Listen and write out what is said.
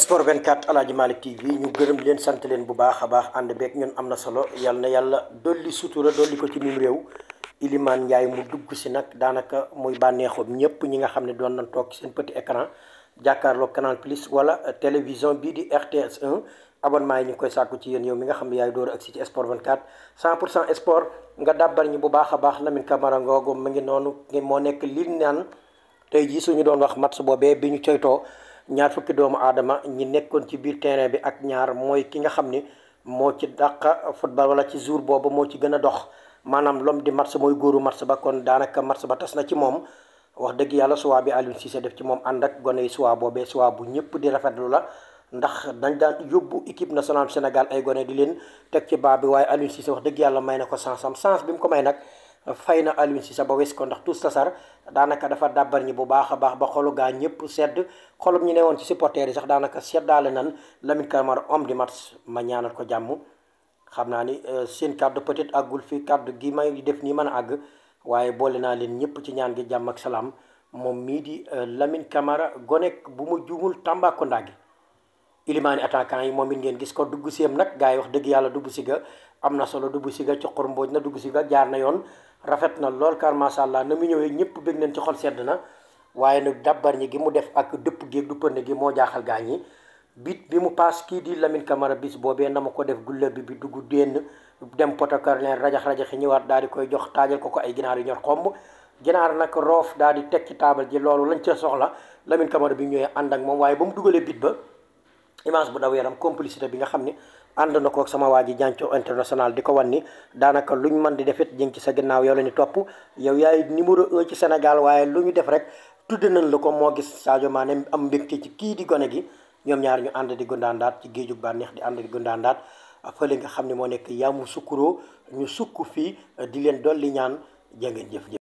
sport 24 Aladji Malick TV ñu gërëm leen sant leen bu baax a baax ànd beeg ñun am na solo yal na yàlla dolli sutura dolli ko ci mim réew Ilimaan Ndiaye mu dugg si nag daanaka muy bànneexoom ñëpp ñi nga xam ne doon nañ toog seen petit écran jàkkaarloo Canal Plus wala télévision bii di RTS 1 abonnement yi ñu ngi koy sàkku ci yéen yow mi nga xam ne yaay door ak si ci sport 24 100 pour cent sport nga dàbbar ñi bu baax a baax Lamine Camara ngoogu mu ngi noonu moo nekk li naan tey jii suñu doon wax match boobee bi ñu coytoo ñaar fukki doomu aadama ñi nekkoon ci biir terrain bi ak ñaar mooy ki nga xam ni moo ci dàq football wala ci jour boobu moo ci gën a dox maanaam l'homme du match mooy góoru match ba kon daanaka match ba tas na ci moom wax dëgg yàlla suwaa bi Aliou Cissé def ci moom ànd ak gone yi suwaa boobee suwaa bu ñëpp di rafetlu la ndax dañ daan yóbbu équipe nationale senegal ay gone di leen teg ci baa bi waaye Aliou Cissé wax dëgg yàlla may na ko sansam sans bi mu ko may nag fay na Aliou Cissé ba wes ko ndax Toussassar daanaka dafa dàbbar ñi bu baax a baax ba xolu gaa ñëpp sedd xolum ñu ne woon ci supporters yi sax daanaka seddaale nan Lamine Camara homme du match ma ñaanal ko jàmm xam naa ni euh, seen kàddu peut-être àggul fi kàddu gi may def nii mën a àgg waaye boole naa leen ñëpp ci ñaan gi jàmm ak salaam moom mii di euh, Lamine kamara gonek bu mu juumul Tambacounda gi ilimaani attaquant yi moom it ngeen gis ko dugg siyam nag gaa yi wax dëgg yàlla dugg si ga am na solo dugg si ga cuqur mbooj na dugg si ga jaar na yoon rafet na lool car macha allah na mu ñëwee ñëpp bég nañ ci xol sedd na waaye nag dabbar ñi gi mu def ak dëpp géeg duppande gi moo jaaxal gaa ñi bit bi mu paas kii di Lamine bi si boobee na ma ko def gulla bi bi dugg dénn dem potokar leen rajax-rajaxi ñëwaat daal di koy jox taajal ko ko ay ginaar yu ñor xomb ginaar nag roof daal di teg ci taabal ji loolu lañ ca soxla Lamine Camara bi ñëwee ànd ak moom waaye ba mu dugalee bit ba image bu daw yaram complicité bi nga xam ni ànd na ko sama waa ji jànco international di ko wan ni daanaka ñu mën di defit jën ci sa ginnaaw yow la ñu topp yow yaay numéro un ci Sénégal waaye lu ñu def rek tudde nañ la ko moo gis Sadio Mané am mbégte ci kii di gone gi ñoom ñaar ñu ànd di gundaandaat ci géejug bànneex di ànd di gundaandaat fële nga xam ne moo nekk Yamoussoukro ñu sukk fii di leen dolli ñaan jangeen jëf